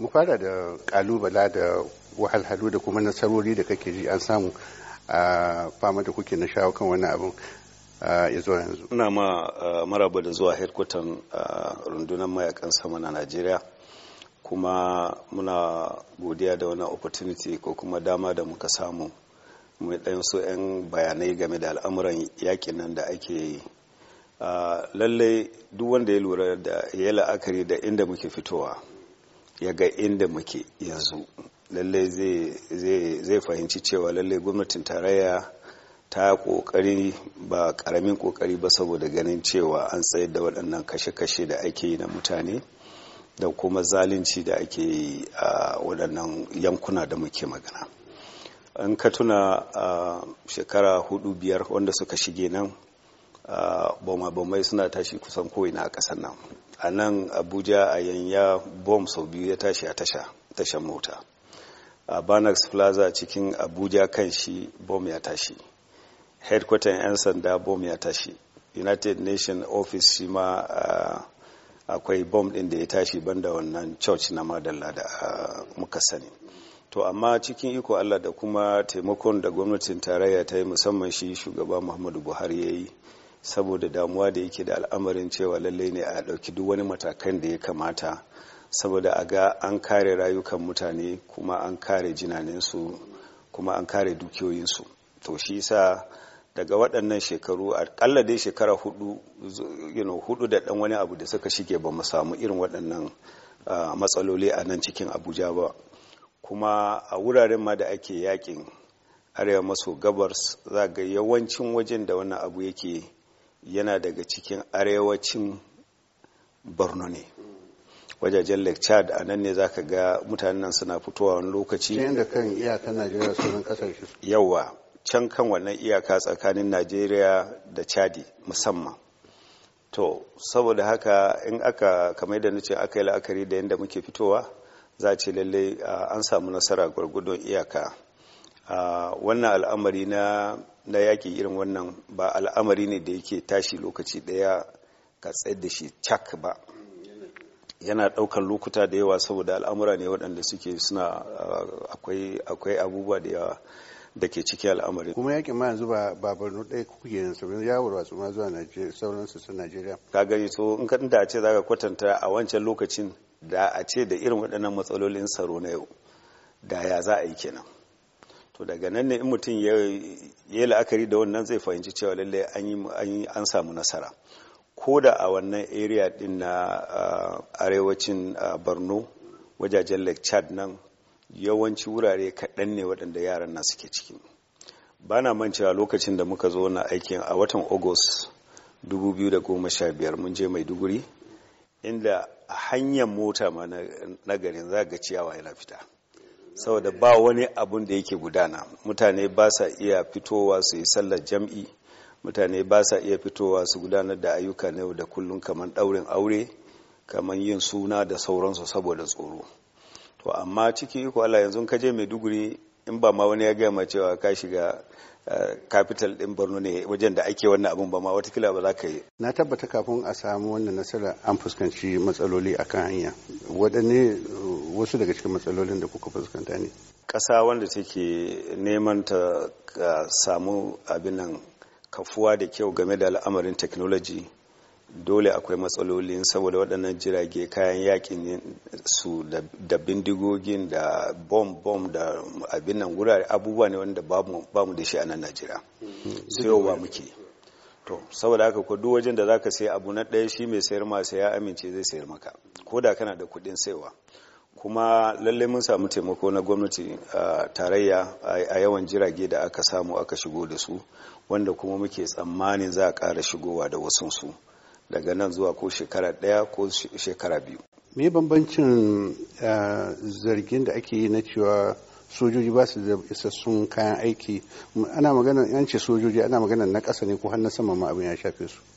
mu fara da kalubala da wahalhalu da kuma nasarori da kake ji an samu a fama da kuke na shawo kan wani abin ya zuwa yanzu ina ma maraba da zuwa headquarter rundunar mayakan sama na najeriya kuma muna godiya da wani opportunity ko kuma dama da muka samu mai ɗayan so 'yan bayanai game da al'amuran yakin nan da ake yi lallai duk wanda ya lura da ya la'akari da inda muke fitowa ya ga inda muke yanzu lallai zai fahimci cewa lallai gwamnatin tarayya ta kokari ba karamin kokari ba saboda ganin cewa an tsayar da waɗannan kashe-kashe da ake yi na mutane da kuma zalunci da ake yi a waɗannan yankuna da muke magana an katuna a shekara hudu biyar wanda suka shige nan Ah, bama-bamai suna tashi kusan ko'ina a ƙasar nan a nan abuja a yanya bom sau biyu ya tashi a tasha tashan mota a banax plaza cikin abuja kan shi bom ya tashi headquarter 'yan sanda bom ya tashi united nation office shi ma ah, akwai bom din da ya tashi banda wannan church na madalla da ah, muka sani to amma cikin iko allah da kuma taimakon da gwamnatin tarayya ta yi musamman shi shugaba muhammadu buhari ya yi saboda damuwa da yake da al'amarin cewa lallai ne a ɗauki duk wani matakan da ya kamata saboda a ga an kare rayukan mutane kuma an kare jinaninsu kuma an kare dukiyoyinsu to shi sa daga waɗannan shekaru akalla dai shekara hudu hudu da ɗan wani abu da suka shige ba mu samu irin waɗannan matsaloli a nan cikin abuja ba kuma a wuraren ma da ake yakin arewa maso gabas za ga yawancin wajen da wannan abu yake yana daga cikin arewacin borno ne wajajen lake chad a nan ne zaka ga mutanen suna fitowa wani lokaci da yawa can kan wannan iyaka tsakanin najeriya da chadi musamman to saboda haka in aka kamar da nace aka yi la'akari da yadda muke fitowa za a ce lallai an samu nasara gwargwadon iyaka wannan al'amari na yaƙi irin wannan ba al'amari ne da yake tashi lokaci ɗaya ka tsayar da shi cak ba yana ɗaukar lokuta da yawa saboda al'amura ne waɗanda suke suna akwai abubuwa da yawa da ke ciki al'amari kuma yakin ma yanzu ba nuna ɗaya kuke yin yanzu ya wasu ma zuwa sauran su najeriya ka gani so in ka da a ce za ka kwatanta a wancan lokacin da a ce da irin waɗannan matsalolin tsaro na yau da ya za a yi kenan to daga nan ne in mutum ya yi la'akari da wannan zai fahimci cewa lallai an samu nasara ko da a wannan area din na ah, arewacin ah, borno wajajen lake chad nan yawanci wurare kaɗan ne waɗanda yaran na suke ciki ba na mancewa lokacin da muka zo na aikin a watan august 2015 mun je maiduguri inda hanyan hanyar mota ma na garin za ga ciyawa yana fita saboda ba wani abun da yake gudana mutane ba sa iya fitowa su yi sallar jam'i mutane ba sa iya fitowa su gudanar da ayyuka na yau da kullum kamar ɗaurin aure kamar yin suna da sauransu saboda tsoro to amma ciki iko Allah yanzu ka je Maiduguri in ba ma wani ya gaya ma cewa ka shiga eh, capital din borno ne wajen da ake wannan abin ba ma watakila ba za ka yi na tabbata kafin a samu wannan nasara an fuskanci matsaloli a kan hanya waɗanne wasu daga cikin matsalolin da kuka fuskanta ne ƙasa wanda take neman ta samu abin nan kafuwa da kyau game da al'amarin technology dole akwai matsalolin saboda waɗannan jirage kayan yakin su da bindigogin da bom-bom da abin nan wurare abubuwa ne wanda ba mu da shi a nan najeriya sayowa muke to saboda haka ko duk wajen da zaka sai abu na ɗaya shi mai sayar masu ya amince zai sayar maka ko da kana da kuɗin saiwa kuma lallai mun samu taimako na gwamnati tarayya a yawan jirage da aka samu aka shigo da su wanda kuma muke tsammanin za a ƙara shigowa da wasunsu su daga nan zuwa ko shekara ɗaya ko shekara biyu me bambancin eh, zargin da ake yi na cewa sojoji ba su da isassun kayan aiki ana magana yan ce sojoji ana magana na kasa ne ko har na sama ma abin ya shafe su